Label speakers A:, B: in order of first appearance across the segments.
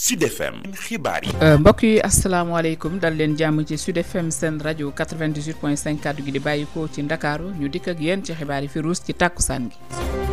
A: Sud FM xibaar yi. Euh, mbokk
B: yi asalaamaaleykum dal leen jàmm ci Sud FM seen rajo 98.5 kàddu gi di bàyyi ko ci ndakaaru ñu dikk ak yéen ci xibaar yi fi ruus ci tàkkusaan gi.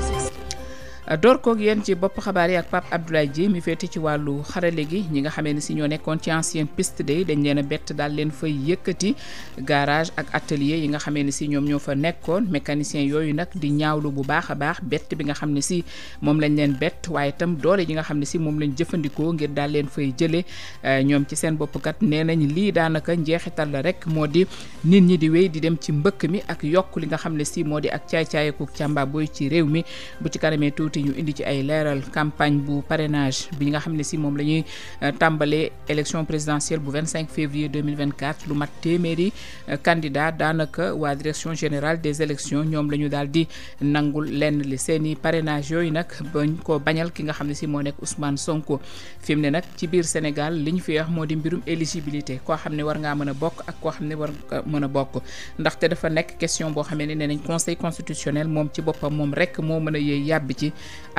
B: door koog yéen ci bopp xabaar yi ak Pape Abdoulaye Dieye mi féete ci wàllu xarale gi ñi nga xame ne si ñoo nekkoon ci ancienne piste day dañ leen a bett daal leen fay yëkkati garage ak atelier yi nga xamee ne si ñoom ñoo fa nekkoon mécanicien yooyu nag di ñaawlu bu baax a baax bett bi nga xam ne si moom lañ leen bett waaye itam doole yi nga xam ne si moom lañ jëfandikoo ngir daal leen fay jëlee euh, ñoom ci seen bopp kat nee nañ lii daanaka njeexital la rek moo di nit ñi di wéy di dem ci mbëkk mi ak yokk li nga xam ne si moo di ak caay-caayeku boy ci réew mi ci kanamee yëkkati ñu indi ci ay leeral campagne bu parrainage bi nga xam ne si moom la ñuy euh, tàmbalee élection présidentielle bu 25 février 2024 lu mat téeméeri euh, candidat daanaka waa direction générale des élections ñoom lañu ñu daal di nangul lenn li seen i parrainage yooyu nag bañ ko bañal ki nga xam ne si moo nekk Ousmane Sonko fi mu ne nag ci biir Sénégal li ñu fi wax moo di mbirum éligibilité koo xam ne war ngaa mën a bokk ak koo xam ne war nga mën a bokk ndaxte dafa nekk question boo ne nee nañ conseil constitutionnel moom moom rek moo mën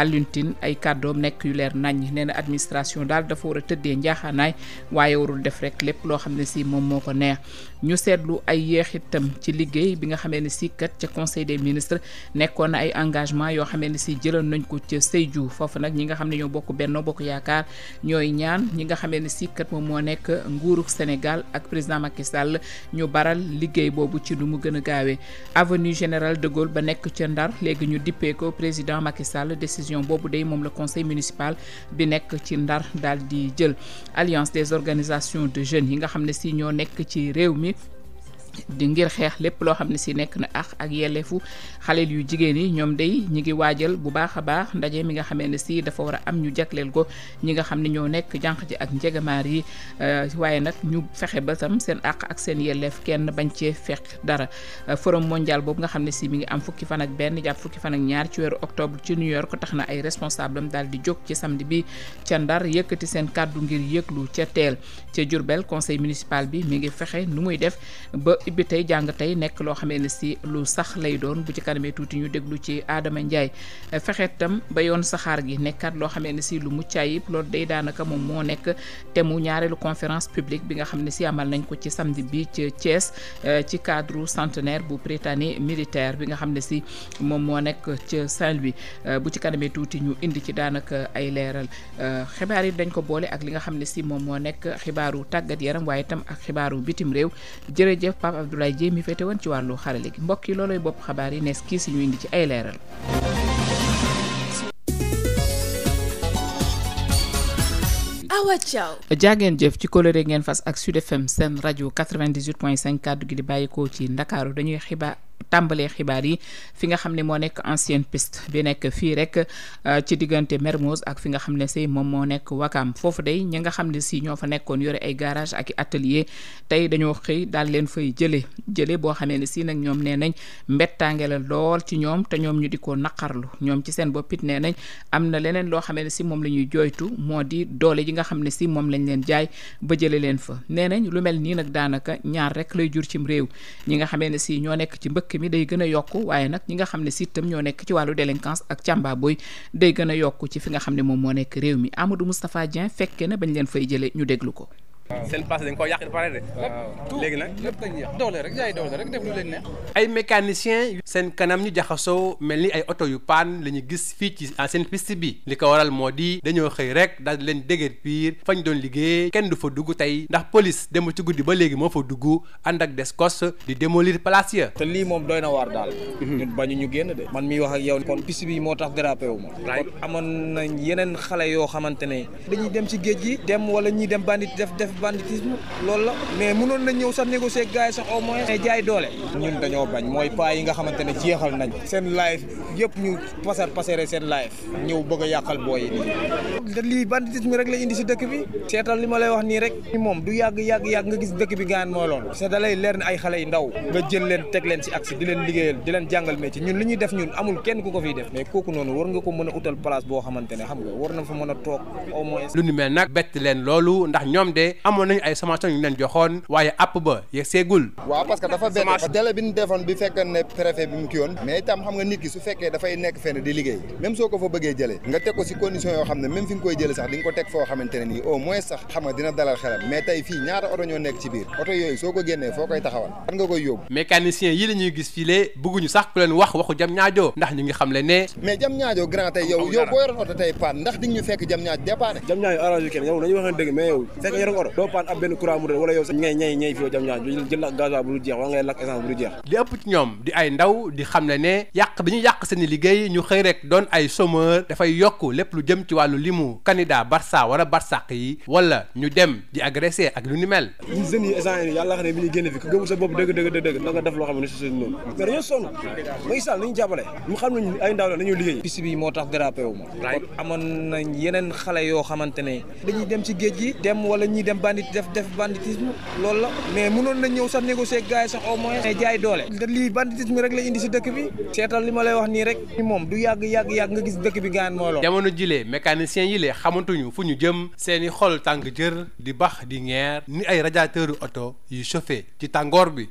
B: Alioune ay kàddoom nekk yu leer nañ nee na administration daal dafa war a tëddee njaaxaanaay waaye warul def rekk lépp loo xam ne si moom moo ko neex ñu seetlu ay yéexitam ci liggéey bi nga xamee ne si kat ca conseil des ministres nekkoon na ay engagement yoo xamee ne si jëloon nañ ko ca Sédhiou foofu nag ñi nga xam ne ñoo bokk Benno Bokk Yaakaar ñooy ñaan ñi nga xamee ne si kat moo nekk nguuru Sénégal ak président Macky Sall ñu baral liggéey boobu ci lu mu gën a gaawee avenue Général de Gaulle ba nekk ca Ndar léegi ñu dippee ko président Macky Sall décision boobu day moom la conseil municipal bi nekk ci Ndar daal di jël alliance des organisations de jeunes yi nga xam ne si ñoo nekk ci réew mi di ngir xeex lépp loo xam ne si nekk na ax ak yelleefu xaleel yu jigéen yi ñoom day ñi ngi waajal bu baax a baax ndaje mi nga xamee ne si dafa war a am ñu jagleel ko ñi nga xam ne ñoo nekk jànq ji ak njegamaar yi euh, waaye nag ñu fexe ba tam seen àq ak seen yelleef kenn bañ cee fekk dara euh, forum mondial boobu nga xam ne si mi ngi am fukki fan ak benn jàpp fukki fan ak ñaar ci weeru octobre ci New York tax na ay responsable am daal di jóg ci samedi bi ca Ndar yëkkati seen kàddu ngir yëglu ca teel ca Jurbel conseil municipal bi mi ngi fexe nu muy def ba ibbi tey jàng tey nekk loo xamee ne si lu sax lay doon bu ci kanamee tuuti ñu déglu ci Adama Ndiaye fexe tam ba yoon saxaar gi nekkaat loo xamee ne si lu mucc ayib loolu day daanaka moom moo nekk te ñaareelu conférence publique bi nga xam ne si amal nañ ko ci samedi bi ci Thiès euh, ci cadre centenaire bu Prytanée militaire bi nga xam ne si moom moo nekk ca Saint-Louis euh, bu ci kanamee tuuti ñu indi ci daanaka ay leeral euh, xibaar yi dañ ko boole ak li nga xam ne si moom moo nekk xibaaru tàggat yaram waaye tam ak xibaaru bitim réew jërëjëf Papa Abdoulaye Dieye mi féete woon ci wàllu xarale gi mbokk yi looloy bopp xabaar yi nees kii si ñu indi ci ay leeral. jaageen jëf ci kolore ngeen fas ak Sud FM seen rajo 98 point 5 kàddu gi di bàyyi ko ci ndakaaru dañuy xibaar tàmbalee xibaar yi fi nga xam ne moo nekk ancienne piste bi nekk fii rek euh, ci diggante Mermoz ak fi nga xam ne si moom moo nekk Wakaam foofu day ñi nga xam ne si ñoo fa nekkoon yore ay garage ak i atelier tey dañoo xëy daal leen fay jëlee jëlee boo xamee ne si nag ñoom nee nañ mbettaange la lool ci ñoom te ñoom ñu di ko naqarlu ñoom ci seen bopp it nee nañ am na leneen loo xamee si moom la ñuy jooytu moo di doole ji nga xam ne si moom lañ leen jaay ba jëlee leen fa nee nañ lu mel nii nag daanaka ñaar rek lay jur cim réew ne si ñoo nekk ci mbëkk mbëkk mi day gën a yokk waaye nag ñi nga xam ne siitam ñoo nekk ci wàllu délinquance ak càmbaa booy day gën a yokk ci fi nga xam ne moom moo nekk réew mi Amadou Moustapha Dieng fekke
C: na bañ leen fay jële ñu déglu ko seen place dañ ko yàq di pare de. léegi nag lépp dañ yàq doole rek jaay doole rek def lu leen neex. ay mécaniciens seen kanam ñu jaxasoo mel ni ay oto yu paan la ñu gis fii ci seen piste bi li ko waral moo di dañoo xëy rek daal leen dégër piir fañ doon liggéey kenn du fa dugg tey ndax police dem ci guddi ba léegi moo fa dugg ànd ak des descos
D: di démolir place ya te lii moom dooy na waar daal. Mhm. ñun bañu ñu génn de. man miy wax ak yow kon piste bi moo tax dérapé wu ma. kon amoon nañ yeneen xale yoo xamante ne. dañuy dem ci géej gi dem wala ñuy dem bandit def def banditisme loolu la mais mënoon nañ ñëw sax négocier gars yi sax au moins mais jaay doole ñun dañoo bañ mooy paa yi nga xamante ne jeexal nañ seen life yëpp ñu pasar pasare seen life ñëw bëgg a yàqal booy yi nii dëkk bi seetal li ma lay wax nii rek moom du yàgg yàgg yàgg nga gis bi gaan mooy loolu parce que leer ne ay xale yu ndaw nga jël leen teg leen si aksi di leen liggéeyal di leen jàngal métier ñun li ñuy def ñun amul kenn ku ko fi def mais kooku noonu war nga ko mën a utal place boo xamante ne xam nga war na fa mën a toog au lu
C: ni mel nag bett leen loolu ndax ñoom amoon nañu ay sommation ñu leen joxoon waaye app ba yegg seegul waaw parce que dafa benn délai bi ñu defoon bi fekkoon ne préfet bi mu kii woon mais itam xam nga nit ki su fekkee dafay nekk fenn di liggéey même soo ko fa bëggee jëlee nga teg ko si condition yoo xam ne même fi nga koy jëlee sax di nga ko teg foo xamante ne nii au moins sax xam nga dina dalal xelam mais tey fii ñaata oto ñoo nekk ci biir oto yooyu soo ko génnee foo koy taxawal fan nga koy yóbbu mécanicien yi la ñuy gis fii lee bëgguñu sax ku leen wax waxu jam ñaajoo ndax ñu ngi xam le ne
D: mais jam ñaajoo grand tey yow yow boo yoroon
C: oto tey paan ndax di ñu fekk jam ñaaj dépanné jam ñaajoo arrangé kenn yow nañu
D: waxee dëgg mais yow fekk yoroon oto doo paan ab benn courant mu wala yow sax ngay ñay ñay fii jam ñaan jël la gasoil bu du jeex wala ngay lakk essence bu du jeex
C: li ëpp ci ñoom di ay ndaw di xam ne ne yàq bi ñu yàq lépp lu jëm ci wàllu limu candidat Barça wala Barsàq yi wala ñu dem di lu ni mel
D: ñu jeunes yi essence yi yàlla xam ne bi fi ku gëmul sa bopp dëgg dëgg dëgg da def loo xam ne si seen noonu mais dañoo sonn Macky Sall jàppale mu xam nañ ay ndaw la nañu liggéey piste bi moo tax dérapé wu amoon nañ yeneen xale yoo xamante ne dañuy dem ci géej gi dem wala ñuy dem bandit def def banditisme loolu la mais mënoon nañ ñëw sax négocier gars yi sax au moins mais jaay doole lii banditisme rek la indi si dëkk bi seetal li ma lay wax nii rek moom du yàgg yàgg yàgg nga gis dëkk bi gaan moo lool
C: jamono jilee mécanicien yi lee xamantuñu fu ñu jëm seeni xol tànk jër di baax di ngeer ni ay radiateur oto yu chauffé ci tàngoor bi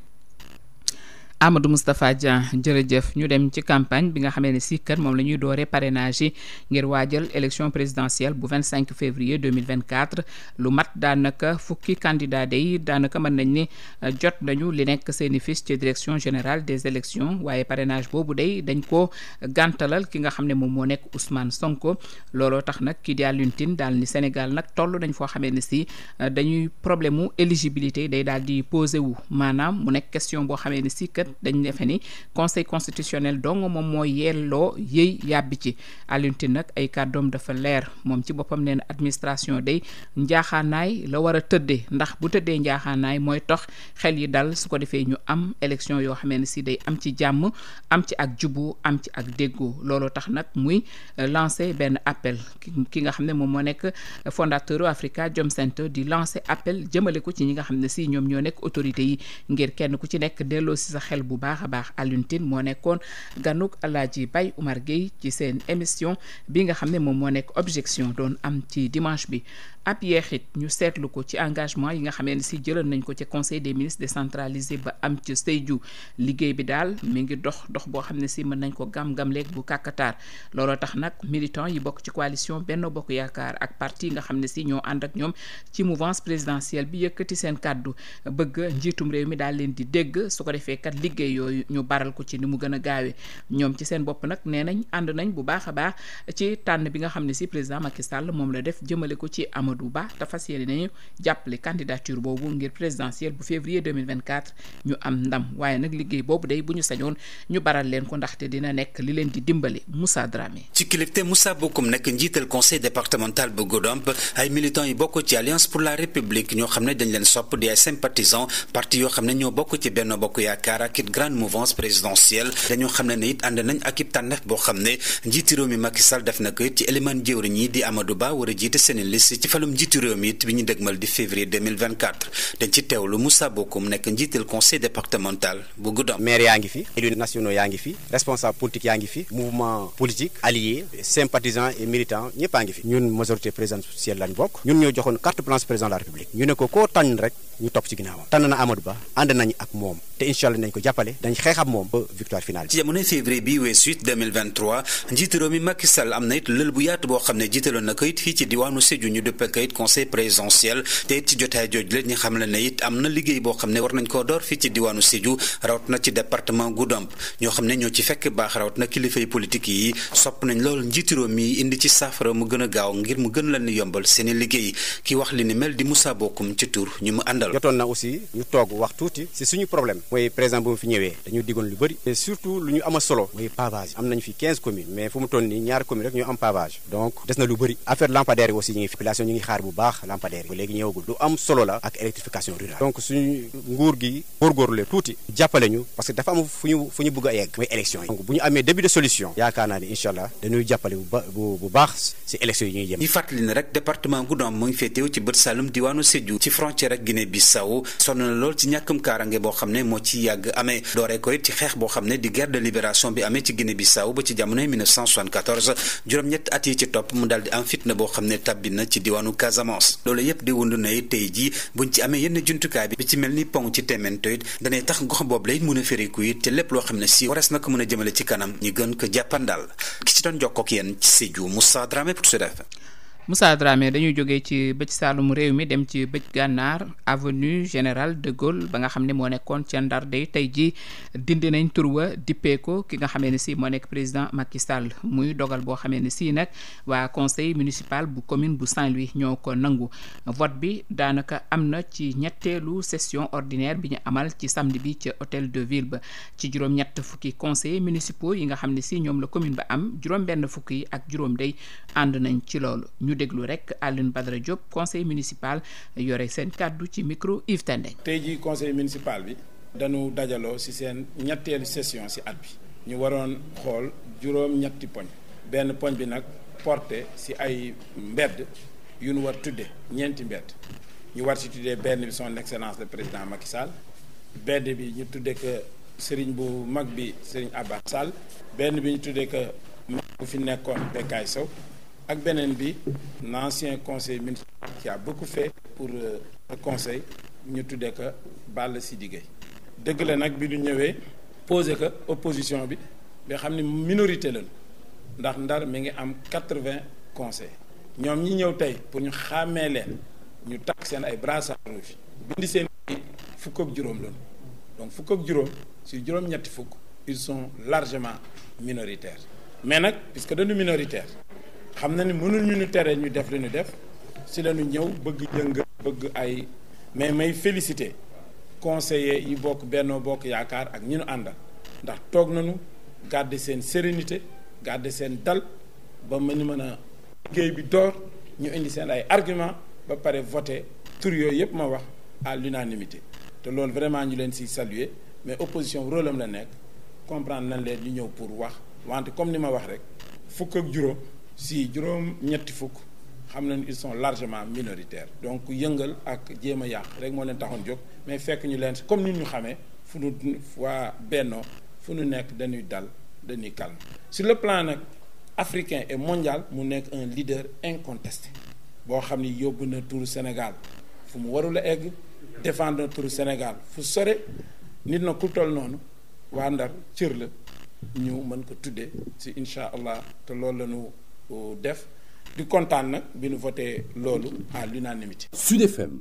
B: Amadou Moustapha Dieng jërëjëf ñu dem ci campagne bi nga xamee ne si kër moom la ñuy dooree parrainage yi ngir waajal élection présidentielle bu 25 février 2024 lu mat daanaka fukki candidat yi daanaka mën nañ ni euh, jot nañu li nekk seeni fiche ci direction générale des élections waaye parrainage boobu day dañ ko gàntalal ki nga xam ne moom moo nekk Ousmane Sonko looloo tax nag kii di Alioune Tine daal ni Sénégal nag toll nañ foo xamee ne si euh, dañuy problème mu éligibilité day daal di posé wu fait dañ defe ni conseil constitutionnel dong moom moo yelloo yëy yàbbi ci Alioune nag ay kàddoom dafa leer moom ci boppam nee na administration day njaaxaanaay la war a tëddee ndax bu tëddee njaaxaanaay mooy tox xel yi dal su ko defee ñu am élection yoo xamee ne si day am ci jàmm am ci ak jubu am ci ak déggoo loolu tax nag muy euh, lancer benn appel ki nga xam ne moom moo nekk fondateur Africa Jom Center di lancer appel jëmale ko ci ñi nga xam ne si ñoom ñoo nekk autorité yi bu baax a baax Alioune moo nekkoon ganuk Alaaji Baye Umar Gueye ci seen émission bi nga xam ne moom moo nekk objection doon am ci dimanche bi ab yeexit ñu seetlu ko ci engagement yi nga xamee ne si jëlal nañ ko ci conseil des ministres décentralisé ba am ci Sédhiou liggéey bi daal mi ngi dox dox boo xam ne si mën nañ ko gam-gam léegi bu kàkkataar looloo tax nag militant yi bokk ci coalition benn Bokk Yaakaar ak parti yi nga xam ne si ñoo ànd ak ñoom ci mouvance présidentielle bi yëkkati seen kàddu bëgg njiitum réew mi daal leen di dégg su ko defee kat liggéey yooyu ñu baral ko ci ni mu gën a gaawee ñoom ci seen bopp nag nee nañ ànd nañ bu baax a baax ci tànn bi nga xam ne si président Macky Sall moom la def jëmale ko ci Amadou Amadou Ba te fas yéene nañu jàppale candidature boobu ngir présidentielle bu février 2024 ñu am ndam waaye nag liggéey boobu day bu ñu sañoon ñu baral leen ko ndaxte dina nekk li leen di dimbale Moussa Dramé.
E: ci kilifte Moussa Bokoum nekk njiital conseil départemental bu Goudomp ay militants yi bokk ci alliance pour la république ñoo xam ne dañ leen sopp di ay sympathisants parti yoo xam ne ñoo bokk ci Benno Bokk Yaakaar ak it grande mouvance présidentielle dañoo xam ne ne it ànd nañ ak it tànneef xam ne njiiti réew mi Macky Sall def na ko it ci élément Ba falum njiitu réew bi ñu dégmal di février dañ ci teewlu Moussa Bokoum nekk njiital conseil départemental bu Goudomp. maire yaa ngi fi élus nationaux yaa ngi fi
F: responsable politique yaa ngi fi mouvement politique allié sympathisant et militant ñëpp ngi fi. ñun majorité présidentielle lañ bokk. ñun ñoo joxoon carte blanche président la république. ñu ne ko koo tànn rek ñu topp ci ginnaawam. tànn na Amadou Ba ànd nañ ak moom te incha allah ko jàppale dañ
E: ak it conseil présidentiel te it ci jotaay jooju la xam le ne it am na liggéey boo xam ne war nañ koo door fii ci diwaanu Sédhiou rawat na ci département Goudomp ñoo xam ne ñoo ci fekk baax rawat na kilifay politique yi sopp nañ lool njiitu mi indi ci saafara mu gën a gaaw ngir mu gën leen yombal seeni liggéey ki wax li ni mel di Moussa Bokum ci tur ñu mu àndal.
F: jotoon na aussi ñu toog wax tuuti si suñu problème mooy président bu mu fi ñëwee dañu diggoon lu bëri et ngi xaar bu baax lampadaire yi ba léegi ñëwagul lu am solo la ak électrification rurale donc suñu nguur gi góorgóorlu tuuti jàppale ñu parce que dafa am fu ñu fu a yegg mooy élection yi bu ñu amee début de solution yaakaar naa
E: allah dañuy jàppale bu baax si élection yi ñuy jëm di fàttali ne rek département Goudomp mu ngi féetewu ci bët Saloum diwaanu Sédhiou ci frontière ak Guinée Bissau sonn lool ci ñàkkum kaarange boo xam ne moo ci yàgg amee diwaanu Casamance loolu yëpp di wund na tey jii buñ ci amee yenn juntukaay bi ci mel ni pont ci temento it danay tax gox boobu lay mën a fériku it te lépp loo xam ne si warees na ko mën a jëmale ci kanam ñu gën ko jàppandaal ki ci doon jokkook yéen ci Sédhiou Moussa Dramé pour Sud
B: Moussa Dramé dañuy jogee ci bëj saalum réew mi dem ci bëj gànnaar avenue Général de Gaulle ba nga xam ne moo nekkoon ca Ndar day tey ji dindi nañ tur wa dippee ko ki nga xamee ne si moo nekk président Macky Sall muy dogal boo xamee ne si nag waa conseil municipal bu commune bu Saint-Louis ñoo ko nangu vote bi daanaka am na ci ñetteelu session ordinaire bi ñu amal ci samedi bi ca hôtel de ville ba ci juróom-ñett fukki conseillers municipaux yi nga xam ne si ñoom la commune ba am juróom fukki ak juróom ànd nañ ci loolu déglu rek Alioune Badara Diop conseil municipal yore seen kàddu ci micro Yves Tendeng.
A: tey jii conseil municipal bi dañu dajaloo ci seen ñetteelu session ci at bi ñu waroon xool juróom-ñetti poñ benn poñ bi nag porte ci ay mbedd yu nu war tuddee ñeenti mbedd ñu war ci tuddee benn bi son excellence le président Macky Sall benn bi ñu tuddee que sëriñ bu mag bi sëriñ Abba Sall benn bi ñu tuddee que mag bu fi nekkoon Bekkaay Sow ak beneen bi l'ancien conseil municipal ci a beaucoup pour euh, conseil ñu tuddee ko Balla Sidi Gueye dëgg la nag bi du ñëwee posé ko opposition bi nga xam ni minorité lañu ndax ndar mi ngi am quatre-vingts conseil ñoom ñi ñëw tey pour ñu xàmmee leen ñu takk seen ay brassards rouges bindi seen fukk ak juróom lañu donc fukk ak juróom si juróom-ñetti fukk ils sont largement minoritaires mais nag puisque dañu minoritaire xam na ni mënuñu ñu tere ñu def li def si la ñëw bëgg jëng bëgg ay mais may félicité conseillers yi bokk Benno Bokk Yaakaar ak ñi ñu àndal ndax toog nañu garder seen sérénité garder seen dal ba mu mën a liggéey bi door ñu indi seen ay argument ba pare voté tur yooyu yëpp ma wax à l'unanimité te loolu vraiment ñu leen si saluer mais opposition rôle am la nekk comprendre nañ leen ñu ñëw pour wax wante comme ni ma wax rek fukk ak juróom. si juróom ñetti fukk xam nañu il sont largement minoritaires donc yëngal ak jéem a yàq rek moo leen taxoon jóg mais fekk ñu leen comme ni ñu xamee fu nu waa bennoo fu nu nekk dañuy dal dañuy calme sur le plan nag africain et mondial mu nekk un leader incontesté boo xam ni yóbbu na tour Sénégal fu mu warul a egg défendre na turu Sénégal fu sore nit na ku toll noonu waa Ndar cër la ñu mën ko tuddee si incha allah te loolu la def di kontaan nag bi nu voté loolu à lu l'unanimité
C: Sud FM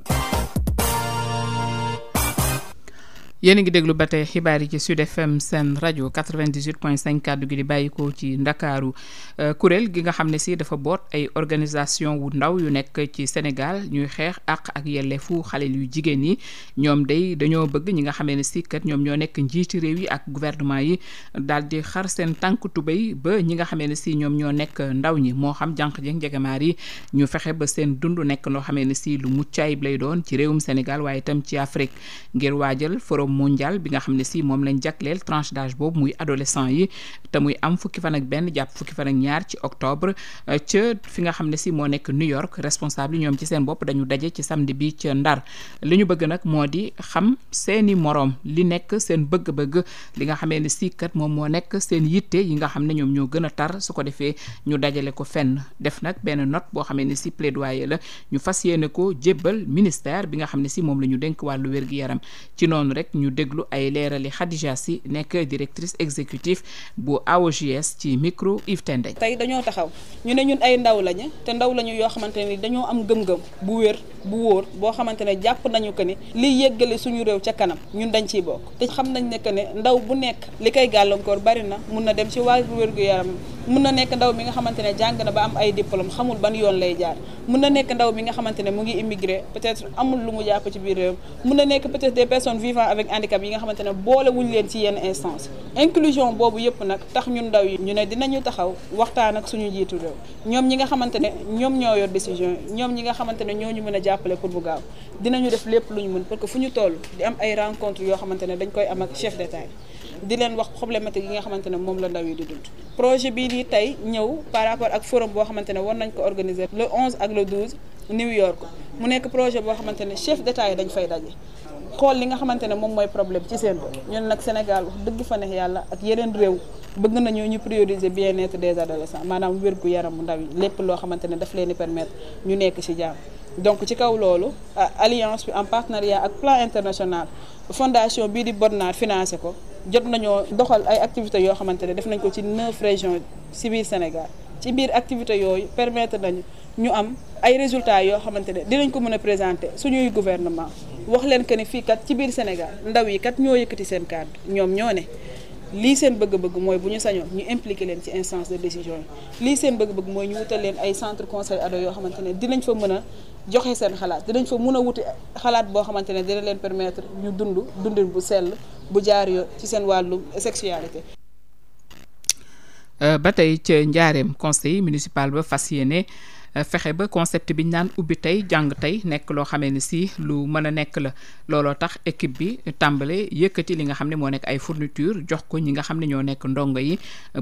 B: yéen a ngi déglu ba tey xibaar yi ci Sud FM seen rajo 98.5 kàddu gi di bàyyikoo ci ndakaaru euh, kuréel gi nga xam ne si dafa boot ay organisation wu ndaw yu nekk ci Sénégal ñuy xeex àq ak yelleefu xale yu jigéen yi ñoom day dañoo bëgg ñi nga xam ne si kat ñoom ñoo nekk njiiti réew yi ak gouvernement yi daal di xar seen tànk tubéy ba ñi nga xam ne si ñoom ñoo nekk ndaw ñi moo xam jànq jeeg njegemaar yi ñu fexe ba seen dund nekk loo xame ne sii lu mucc ayib lay doon ci réewum Sénégal waaye ci Afrique mondial bi nga xam ne si moom lañ jagleel tranche d'âge boobu muy adolescent yi te muy am fukki fanak benn jàpp fukki fanak ñaar ci octobre euh, ca fi nga xam ne si moo nekk New York responsable ñoom ci seen bopp dañu daje ci samedi bi ca Ndar li ñu bëgg nag moo di xam seeni moroom li nekk seen bëgg-bëgg li nga xamee ne si kat moom moo nekk seen yitte yi nga xam ne ñoom ñoo gën a tar su ko defee ñu dajale ko fenn def nag benn note boo xamee ne si plaidoyer la ñu fas yéene ko jébbal ministère bi nga xam ne si moom la ñu dénk wàllu wér-gi-yaram ñu déglu ay leerali Khadija Sy nekk directrice exécutive bu AOJS ci micro Yves Tendeng. tey dañoo taxaw ñu ne ñun ay ndaw lañu te ndaw lañu yoo xamante ne dañoo am gëm-gëm bu wér
G: bu wóor boo xamante ne jàpp nañu que ni liy yëggale suñu réew ca kanam ñun dañ ciy bokk. te xam nañ ne que ne ndaw bu nekk li koy gàllankoor bari na mun na dem ci wàllu wér-gu-yaram mun na nekk ndaw bi nga xamante ne jàng na ba am ay diplôme xamul ban yoon lay jaar mun na nekk ndaw mi nga xamante ne mu ngi immigré peut-être amul lu mu jàpp ci biir réew ak yi nga xamante ne boole wuñ leen ci yenn instance inclusion boobu yëpp nag tax ñu ndaw yi ñu ne dinañu taxaw waxtaan ak suñu jiitu réew ñoom ñi nga xamante ne ñoom ñoo yor décision ñoom ñi nga xamante ne ñoo ñu mën a jàppale pour bu gaaw dinañu def lépp lu ñu mën parce que fu ñu toll di am ay rencontre yoo xamante ne dañ koy am ak chef d'état di leen wax problématique yi nga xamante ne moom la ndaw yi di dund projet bii nii tey ñëw par rapport ak forum boo xamante ne war nañ ko organiser le 11 ak le mu nekk projet boo xamante ne chef d'état yi dañ fay daje xool li nga xamante ne moom mooy problème ci seen ñun nag Sénégal wax dëgg fa yàlla ak yeneen réew bëgg nañoo ñu prioriser bien-être des adolescents maanaam wérgu yaramu ndaw yi lépp loo xamante ne daf leen di ñu nekk ci jàmm donc ci kaw loolu alliance bi en partenariat ak plan international fondation bii di Bodnar financé ko jot nañoo doxal ay activités yoo xamante ne def nañ ko ci neuf régions ci biir Sénégal ci biir activité yooyu permettre nañu ñu am ay yoo xamante ne dinañ ko mën a présenter suñuy gouvernement wax leen que ne fii kat ci biir Sénégal ndaw yi kat ñoo yëkkati seen kàddu ñoom ñoo ne lii seen bëgg-bëgg mooy bu ñu sañoon ñu impliqué leen ci instance de décision yi lii seen bëgg-bëgg mooy ñu wutal leen ay centre conseil ado yoo xamante ne dinañ fa mën a joxe seen xalaat dinañ fa mën a wuti xalaat boo xamante ne dina leen permettre ñu dund dundin bu sell bu jaar yoo ci seen wàllu sexualité.
B: Euh, ba tey ca Njaareem conseil municipal ba fas yéene. fexe ba concept bi ñu naan ubbi tey jàng tey nekk loo xamee ni si lu mën a nekk la looloo tax équipe bi tàmbale yëkkati li nga xam ne moo nekk ay fourniture jox ko ñi nga xam ne ñoo nekk ndongo yi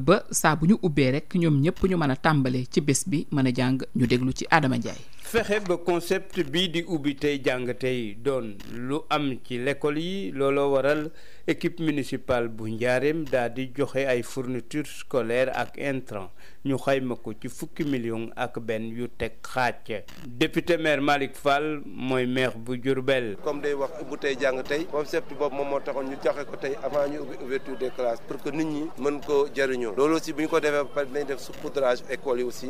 B: ba saa bu ñu ubbee rek ñoom ñëpp ñu mën a tàmbalee ci bés bi mën a jàng ñu déglu ci aadama Ndiaye
C: fexe ba concept bii di ubbi tey jàng tey doon lu am ci l'école yi looloo waral équipe municipale bu njaareem daal di joxe ay fourniture scolaire ak intrant ñu xayma ko ci fukki million ak benn yu teg xaaj député maire Malick Fall mooy maire bu jur Diourbel
A: comme day wax ubbi tey jàng tey concept boobu moom moo taxoon ñu joxe ko tey avant ñu ubbi ouverture des classes pour que nit ñi mën ko jëriñoo loolu aussi bu ñu ko defee ba pare dinañ def saupoudrage école yi aussi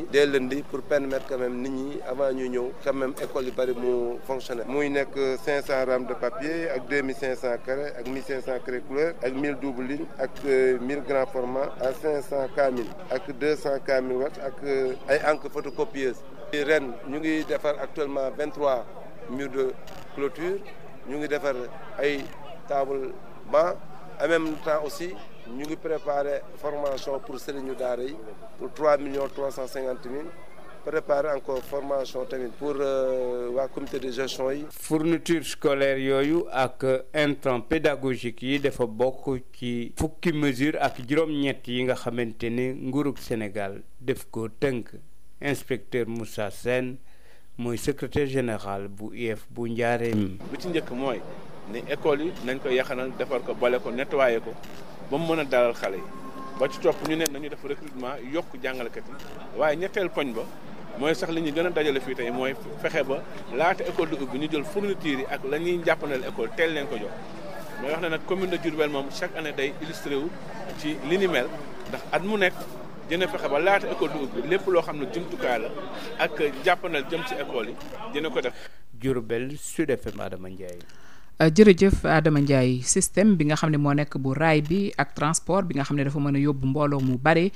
A: ñu ñëw quand même école yu bëri mu fonctionné muy nekk 500 rames de papier ak 2500 carré ak 1500 carré couleur ak 1000 double ligne ak 1000 euh, grand format à 500 kaamil ak 200 kaamil wat ak euh, ay encre photocopieuse ren ñu ngi defar actuellement 23 murs de clôture ñu ngi defar ay table banc en même temps aussi ñu ngi préparer formation pour sëriñu daara yi pour 3 millions 350 mille préparer encore formation tamit pour euh, waa comité de
D: gestion yi.
C: fourniture scolaire yooyu ak intrant pédagogique yi dafa bokk ci fukki mesure ak juróom-ñett yi nga xamante ni nguurug Sénégal def ko tënk inspecteur Moussa seen mooy secretaire général bu
A: IEF
D: bu Njaareem.
A: bu ci njëkk mooy ni école yi nañ ko yaxanal defar ko bale ko nettoyer ko ba mu mën a dalal xale yi ba ci topp ñu ne nañu def recrutement yokk jàngalekat waaye ñetteel poñ ba. mooy sax li ñu gën a dajale fii tey mooy fexe ba laata école di ubbi ñu jël fourniture yi ak la ñuy jàppanal école teel leen ko jox mooy wax ne nag commune de Diourbel moom chaque année day illustré wu ci li ndax at mu nekk dina fexe ba laata école di ubbi lépp loo xam ne jumtukaay la ak jàppanal jëm ci école yi dina ko def. Diourbel Sud FM Adama Ndiaye.
B: Euh, jërëjëf Adama Ndiaye système bi nga xam ne moo nekk bu raay bi ak transport bi nga xam ne dafa mën a yóbbu mbooloo mu bare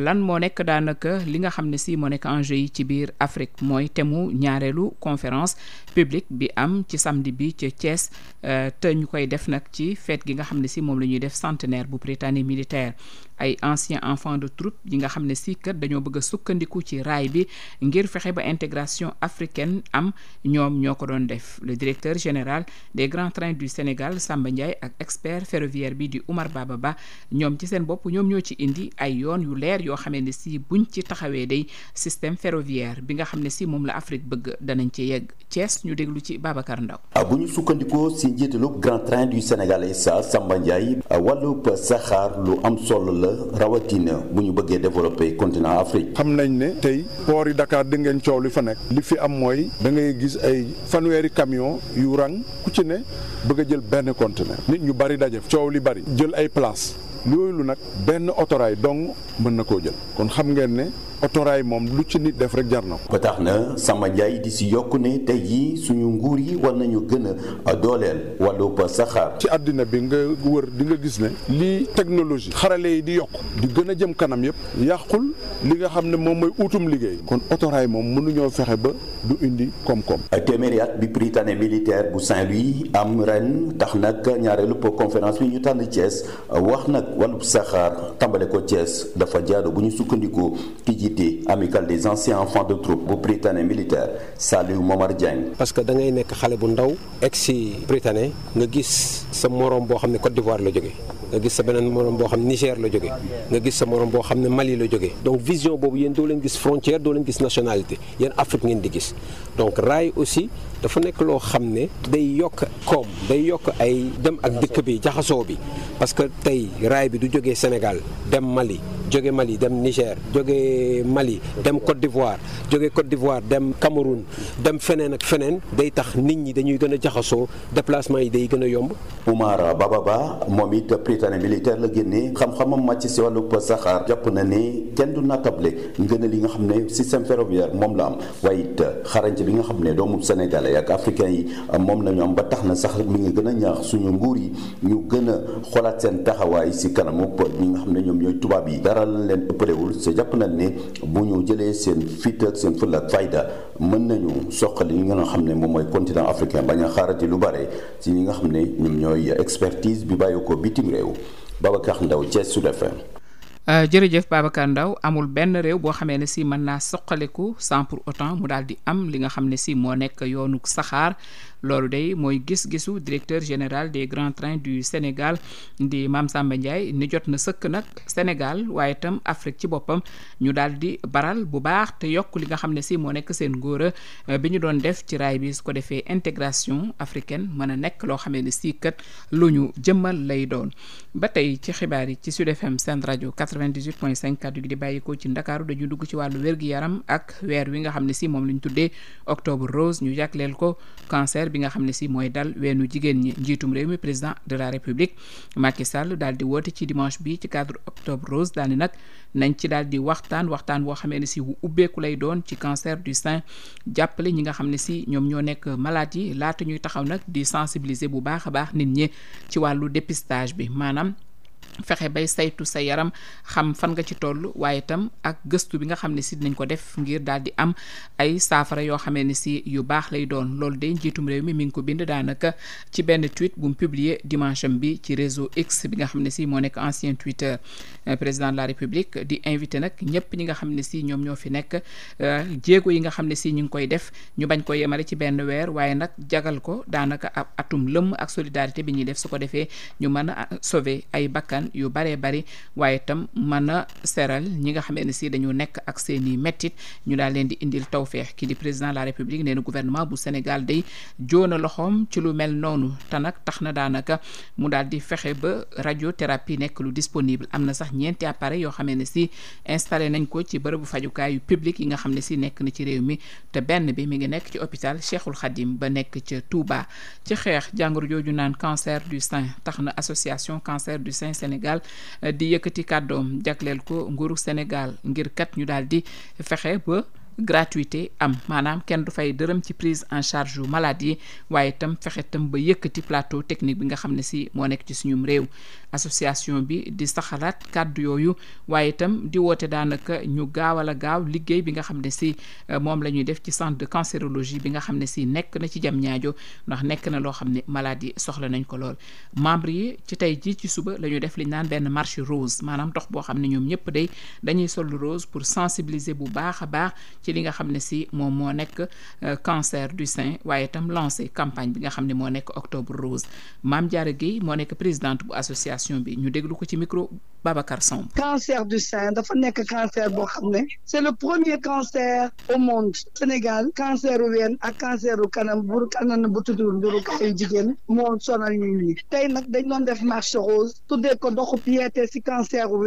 B: lan moo nekk daanaka li nga xam ne si moo nekk enjeu yi ci biir Afrique mooy temu ñaareelu conférence publique bi am ci samedi bi ca Thiès euh, te ñu koy def nag ci feet gi nga xam ne si moom la ñuy def centenaire bu Prytanée militaire ay anciens enfants de troupe yi nga xam ne si kat dañoo bëgg a sukkandiku ci raay bi ngir fexe ba intégration africaine am ñoom ñoo ko doon def le directeur général des grands trains du Sénégal Samba Ndiaye ak expert ferroviaire bi di Oumar Baba Ba ñoom ci seen bopp ñoom ñoo ci indi ay yoon yu leer yoo xamee ne si buñ ci taxawee day système ferroviaire bi nga xam ne si moom la Afrique bëgg danañ ci yegg Thiès ñu déglu ci Babacar Ndaw
F: ah, bu ñu sukkandikoo si njiitalu grand train du SA Samba Ndiaye la bu ñu bëggee développer continent Afrique. xam nañ ne tey poor yu Dakar di ngeen coow li fa nekk. li fi am mooy da ngay gis ay fanweeri camion yu rang ku ci ne bëgg a jël benn conteneur nit ñu bari daje coow li bari jël ay place loolu nag benn autorail dong mën na koo jël kon xam ngeen ne. otoraay moom lu ci nit def rek jar na ko. ba tax na sama Ndiaye di si yokk ne tey jii suñu nguur yi war nañu gën a dooleel wàllub saxaar. ci àddina bi nga wër di nga gis ne. lii technologie. xarale yi di yokk di gën a jëm kanam yëpp yàqul. li nga xam ne moom mooy utum liggéey kon otoraay moom mënuñoo fexe ba du indi koom-koom téeméeri at bi prytanée militaire bu Saint-Louis am ren tax nag ñaareelu conférence bi ñu tànn Thiès wax nag wàllub saxaar tàmbale ko Thiès dafa jaado bu ñu sukkandikoo ki jiite amicale des anciens enfants de troupe bu prytanée militaire Saliou Momar Diagne
C: parce que da ngay nekk xale bu ndaw ex si prytanée nga gis sa moroom boo xam ne Côte d'Ivoire la jóge nga gis sa beneen morom boo xam Niger la jóge nga gis sa morom boo xam ne Mali la jóge donc vision boobu yéen doo leen gis frontière doo leen gis nationalité yéen Afrique ngeen di gis donc raay aussi dafa nekk loo xam ne day yokk koom day yokk ay dem ak dëkk bi jaxasoo bi parce que tey raay bi du jógee Sénégal dem Mali jóge Mali dem Niger joge Mali dem Côte d'Ivoire jóge Côte d'Ivoire dem Cameroun dem feneen ak feneen day tax nit ñi dañuy gën a jaxasoo déplacement yi day gën a yomb.
F: Oumar Bababa moom it prytanée militaire la génnee xam ma màcc si wàllub saxaar jàpp na ne kenn du naatable ngën a li nga xam ne système ferroviaire moom la am waaye it xarañte bi nga xam ne doomu sénégalais ak africain yi moom la ñu am ba tax na sax mi ngi gën a ñaax suñu nguur yi ñu gën a xoolaat seen taxawaay si kanamu ñi nga xam ne ñoom ñooy tubaab yi dara leen ëppalewul sa jàpp nañ ne bu ñu jëlee seen fit ak seen fulla ak fayda mën nañu soqali ñi nga xam ne moom mooy continent africain bañ a xaarati lu bare si ñi nga xam ne ñoom ñooy expertise bi bàyyi ko bitim réew Babacar Ndaw Thiès Sud FM
B: Euh, jërëjëf Babacar Ndaw amul benn réew boo xamee ne si mën naa soqaliku sans pour autant mu daal di am li nga xam ne sii moo nekk yoonu saxaar loolu day mooy gis-gisu directeur général des grands trains du Sénégal di maam Samba Ndiaye ni jot na sëkk nag Sénégal waaye itam Afrique ci boppam ñu daal di baral bu baax te yokk li nga xam ne si moo nekk seen góora euh, bi ñu doon def ci raay bi su ko defee intégration africaine mën a nekk loo xamee ne si kat lu ñu jëmmal lay doon 98 point 5 kàddu gi di bàyyikoo ci ndakaaru dañu dugg ci wàllu wér-gi-yaram ak weer wi nga xam ne si moom lañ tuddee octobre rose ñu jagleel ko cancer bi nga xam ne si mooy dal weenu jigéen ñi njiitum réew mi président de la république Macky Sall daal di woote ci dimanche bi ci cadre octobre rose daal ni nag nañ ci daal di waxtaan waxtaan woo xamee ne si wu ubbeeku lay doon ci cancer du sein jàppale ñi nga xam ne si ñoom ñoo nekk malaat yi laata ñuy taxaw nag di sensibiliser bu baax a baax nit ñi ci wàllu fexe bay saytu sa yaram xam fan nga ci toll waaye itam ak gëstu bi nga xam ne si nañ ko def ngir daal di am ay saafara yoo xamee ne si yu baax lay doon loolu de njiitum réew mi mi ngi ko bind daanaka ci benn tweet bum mu publier dimanche bi ci réseau X bi nga xam ne si moo nekk ancien Twitter euh, président de la République di invité nag ñëpp ñi nga xam ne si ñoom ñoo fi nekk euh, jéego yi nga xam ne si ñu ngi koy def ñu bañ ko yemale ci benn weer waaye nag jagal ko daanaka atum lëmm ak solidarité bi ñuy def su ko defee ñu mën a sauver ay bakkan waxtaan yu baree bari waaye tam mën a seral ñi nga xamee ne si dañu nekk ak seen i mettit ñu daal leen di indil tawféex ki di président la république nee na gouvernement bu Sénégal day joona loxoom ci lu mel noonu te nag tax na daanaka mu daal di fexe ba radiothérapie nekk lu disponible am na sax ñeenti appareil yoo xamee ne si installé nañ ko ci bërëbu fajukaayu public yi nga xam ne si nekk na ci réew mi te benn bi mi ngi nekk ci hôpital Cheikhul Khadim ba nekk ca Touba ci xeex jàngoro jooju naan cancer Sénégal di yëkkati kàddoom jagleel ko nguuru Sénégal ngir kat ñu daal di fexe ba gratuité am maanaam kenn du fay dërëm ci prise en charge yu malade yi waaye itam fexe tam ba yëkkati plateau technique bi nga xam ne si moo nekk ci suñum réew association bi di saxalaat kàddu yooyu waaye itam di woote daanaka ñu gaaw a gaaw liggéey bi nga xam ne si euh, moom la ñuy def ci centre de cancérologie bi nga xam ne si nekk na ci jam ñaajo ndax nekk na loo xam ne malade soxla nañ ko lool membre yi ci tey jii ci suba la ñu def li naan benn marche rose maanaam dox boo xam ne ñoom ñëpp day dañuy sol rose pour sensibiliser bu baax a baax ci li nga xam ne si moom moo nekk euh, cancer du sein waaye itam lancé campagne bi nga xam ne moo nekk octobre rose Mame Diarra Guèye moo nekk présidente bu association bi ñu déglu ko ci micro Babacar Samb.
H: cancer du sein dafa nekk cancer boo xam ne c'est le premier cancer au monde Sénégal cancer ween ak cancer u kanam buru kanam bu tudd burukaayu jigéen moo sonal ñu tey nag dañ doon def marche rose tuddee ko doxu yeete si cancer u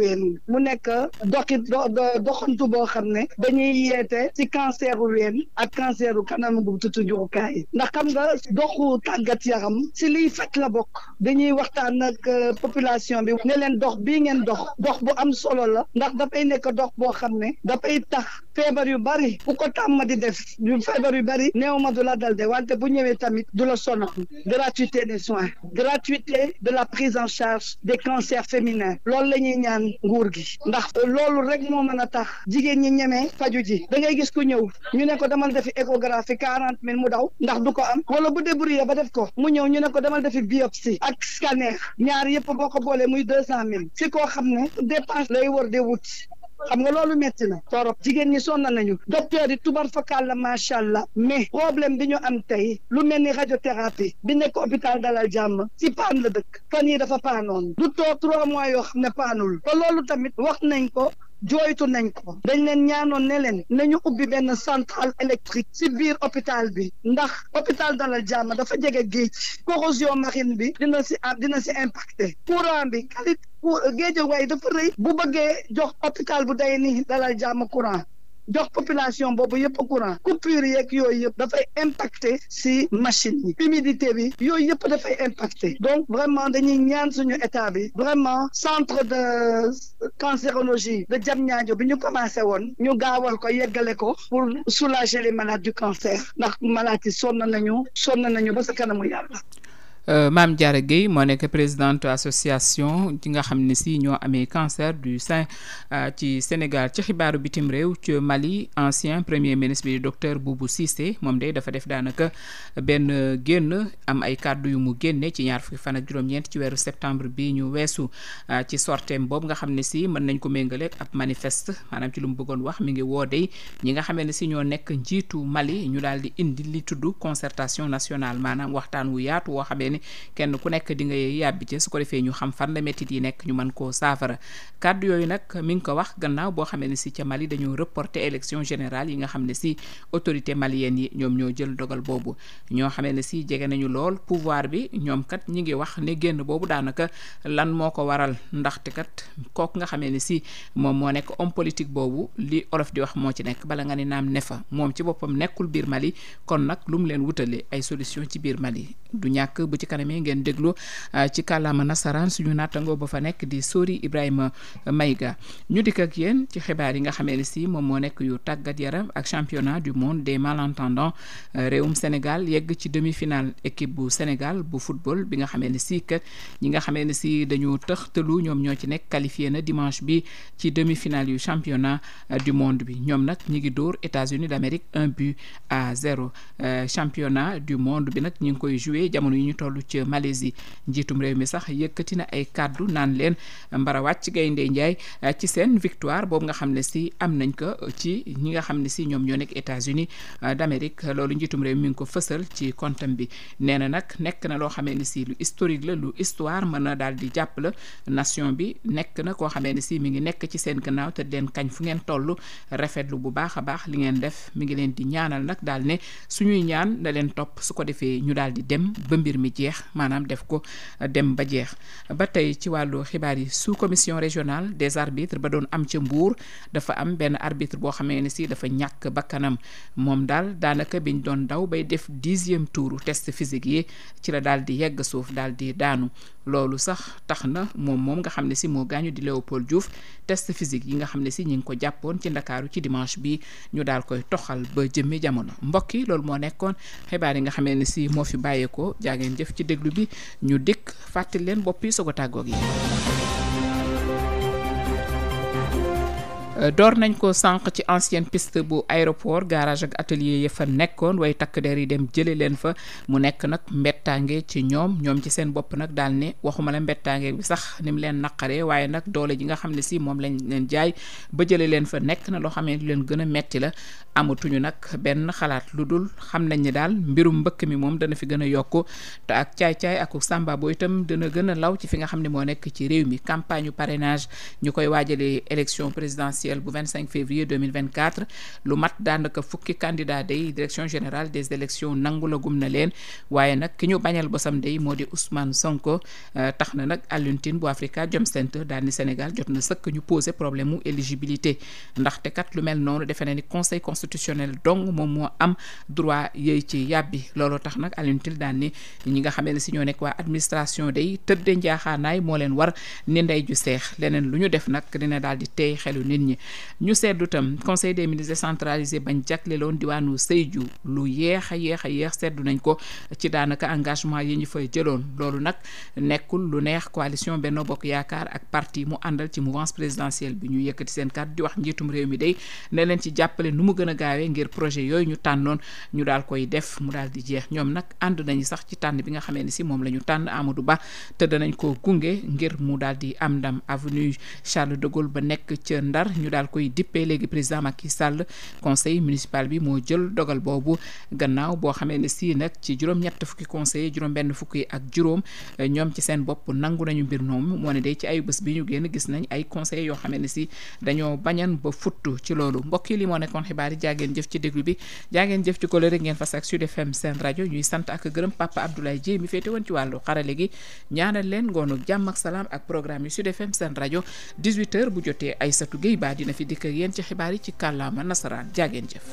H: mu nekk doxi doxantu ci cancer u ween ak cancer u kanam bu tutu njurukaay ndax xam nga doxu tàggat yaxam si liy faj la bokk dañuy waxtaan ak euh, population bi ne leen dox bii ngeen dox dox bu am solo la ndax da dafay nekk dox boo xam ne dafay tax feebar yu bari bu ko ma di def yu feebar yu bari néew ma du la dal de wante bu ñëwee tamit du la sonal gratuité des soins gratuité de la prise en charge des cancers féminins loolu la ñuy ñaan nguur gi ndax loolu rek moo mën a tax jigéen ñi ñemee faju ji ngay gis ku ñëw ñu ne ko demal defi échographie quarante mille mu daw ndax du ko am wala bu débrouillé ba def ko mu ñëw ñu ne ko defi biopsie ak scanner ñaar yëpp boo ko boolee muy deux cent mille si koo xam ne dépense lay war de wut xam nga loolu metti torop jigéen ñi sonn nañu docteur yi tubar fakal la macha allah mais problème bi ñu am tey lu mel ni radiothérapie bi nekk hôpital dalal jàmm ci paan la dëkk fan yi dafa paanoon du toog trois mois yoo jooytu nañ ko dañ leen ñaanoon ne leen nañu ubbi benn central électrique ci biir hôpital bi ndax hôpital Dalal Jàmm dafa jege géej corrosion marine bi dina si am dina si impacté courant bi qualité géej waaye dafa rëy bu bëggee jox hôpital bu day ni Dalal Jàmm courant jox population boobu yëpp courant coupure yeeg yooyu yëpp dafay impacter si machine yi humidité bi yooyu yëpp dafay impacter donc vraiment dañuy ñaan suñu état bi vraiment centre de cancérologie de Diamniadio bi ñu commencé woon ñu gaawal ko yeggale ko pour soulager les malades du cancer ndax malades na sonn nañu na nañu ba sa kanamu yàlla
B: Euh, Mame Diarra Gueye moo nekk présidente association ci nga xam ne si ñoo amee cancer du sein euh, ci Sénégal ci xibaaru bitim réew ci Mali ancien premier ministre bi docteur Boubou Cissé moom day dafa def daanaka benn génn am ay kàddu yu mu génne ci ñaar fukki fan ak juróom-ñeent ci weeru septembre bi ñu weesu euh, ci sorteem boobu nga xam ne si mën nañ ko méngale ak ab manifeste maanaam ci lu mu bëggoon wax mi ngi woo de ñi nga xamee ne si ñoo nekk njiitu Mali ñu daal di indi li tudd concertation nationale ne kenn ku nekk di nga yàbbi ci su ko defee ñu xam fan la méttit yi nekk ñu mën koo saafara kàddu yooyu nag mi ngi ko wax gannaaw boo xamee ne si ca Mali dañoo reporter élection générale yi nga xam ne si autorité malienne yi ñoom ñoo jël dogal boobu ñoo xamee ne si jege nañu lool pouvoir bi ñoom kat ñi ngi wax ne génn boobu daanaka lan moo ko waral ndaxte kat kooku nga xamee ne si moom moo nekk homme politique boobu li olof di wax moo ci nekk bala nga ne naam ne fa moom ci boppam nekkul biir Mali kon nag lu leen wutale ay solution ci biir Mali ci kanamee ngeen déglu euh, ci kàllaama nasaraan suñu nattangoo ba fa nekk di Sori Ibrahima Maïga ñu dikk ak yéen ci xibaar yi nga xamee ne si moom moo nekk yu tàggat yaram ak championnat du monde des malentendants euh, réewum Sénégal yegg ci demi-finale équipe bu Sénégal bu football bi nga xamee ne si kat ñi nga xamee ne si dañu tëxtalu ñoom ñoo ci nekk qualifié na dimanche bi ci demi-finale yu championnat euh, du monde bi ñoom nag ñi ngi dóor États-Unis d'Amérique un but à zéro championnat du monde bi nag ñi ngi koy joué jamono yi ñu tollu ca Malaisie njiitum réew mi sax yëkkati na ay kàddu naan leen mbarawàcc gaynde njaay euh, ci seen victoire boobu nga xam ne si am nañ ko euh, ci ñi nga xam ne si ñoom ñoo nekk États-Unis euh, d'Amérique loolu njiitum réew mi ngi ko fësal ci kontam bi nee na nag nekk na loo xamee ne si lu historique lu histoire mën na daal di jàpp la nation bi nekk na koo xamee ne si mi ngi nekk ci seen gannaaw te leen kañ fu ngeen toll rafetlu bu baax a baax li ngeen def mi ngi leen di ñaanal nag daal ne suñuy ñaan na leen topp su ko defee ñu daal di dem ba mbir mi ji jeex maanaam def ko euh, dem ba jeex ba tey ci wàllu xibaar yi sous commission régionale des arbitres ba doon am ca Mbour dafa am benn arbitre boo xamee ne si dafa ñàkk bakkanam moom daal daanaka biñ doon daw bay def dixième tour test physique yi ci la daal di yegg suuf daal di daanu loolu sax tax na moom moom nga xam ne si moo gaañu di Léopold Diouf test yi nga xam ne si ñi ko jàppoon ci ndakaaru ci dimanche bi ñu daal koy toxal ba jëmmi jamono mbokk loolu moo nekkoon xibaar yi nga xam ne si moo fi bàyyeekoo jaa ngeen jëf ci déglu bi ñu dikk fàttali leen bopp yi soog a tàggoog yi Euh, door nañ ko sànq ci ancienne piste bu aéroport garage ak atelier ya fa nekkoon way takk der yi dem jële leen fa mu nekk nag mbettaange ci ñoom ñoom ci seen bopp nag daal ne waxuma la mbettaange bi sax ni mu leen naqaree waaye nag ji nga xam ne si moom lañ leen jaay ba jële leen fa nekk na loo xamee ne leen gën a metti la amatuñu nag benn xalaat lu dul xam nañ ni daal mbirum mbëkk mi moom dana fi gën a yokk te ak caay-caay aku sàmba boo itam dana gën a law ci fi nga xam ne moo nekk ci réew mi campagne parrainage ñu koy waajalee élection présidentielle présidentielle bu 25 février 2024 lu mat daanaka fukki candidat day direction générale des élections nangu la leen waaye nag ki ñu bañal bosam day moo di Ousmane Sonko euh, tax na nag Alioune bu Africa Jom Center daal Sénégal jot na sëkk ñu posé problème mu éligibilité ndaxte kat lu mel noonu defe na ni conseil constitutionnel dong moom moo am droit yey ci yàbbi looloo tax nag Alioune Tine ñi nga xamee ne si ñoo nekk waa administration day tëdde njaaxaanaay moo ñi ñu seddu tam conseil des ministres décentralisé bañ jagleloon diwaanu Sédhiou lu yeex a yeex a yeex seddu nañ ko ci daanaka engagement yi ñu fay jëloon loolu nag nekkul lu neex coalition benn Bokk Yaakaar ak parti mu àndal ci mouvance présidentielle bi ñu yëkkati seen kàddu di wax njiitum réew mi day ne leen ci jàppale nu mu gën a gaawee ngir projet yooyu ñu tànnoon ñu daal koy def mu daal di jeex ñoom nag ànd nañu sax ci tànn bi nga xamee ni si moom la ñu tànn Amadou Ba te danañ ko gunge ngir mu daal di am ndam avenue Charles ñu daal koy dippee léegi président Macky Sall conseil municipal bi moo jël dogal boobu gannaaw boo xamee ne si nag ci juróom-ñett fukki conseillers juróom-benn fukki ak juróom ñoom ci seen bopp nangu nañu mbir noonu moo ne de ci ay bés bi ñu génn gis nañ ay conseillers yoo xamee ne si dañoo bañan ba futtu ci loolu mbokk yi li moo nekkoon xibaar yi jaageen jëf ci déglu bi jaageen jëf ci ko rek ngeen fas ak Sud FM seen rajo ñuy sant ak gërëm Papa Abdoulaye Dieye mi féete woon ci wàllu xarale gi ñaanal leen ngoonu jàmm ak salaam ak programme yu Sud FM seen rajo 18h bu jotee Aïssatou Gueye dina fi dikk ak yéen ci xibaar yi ci kàllaama nasaraan jaageen jëf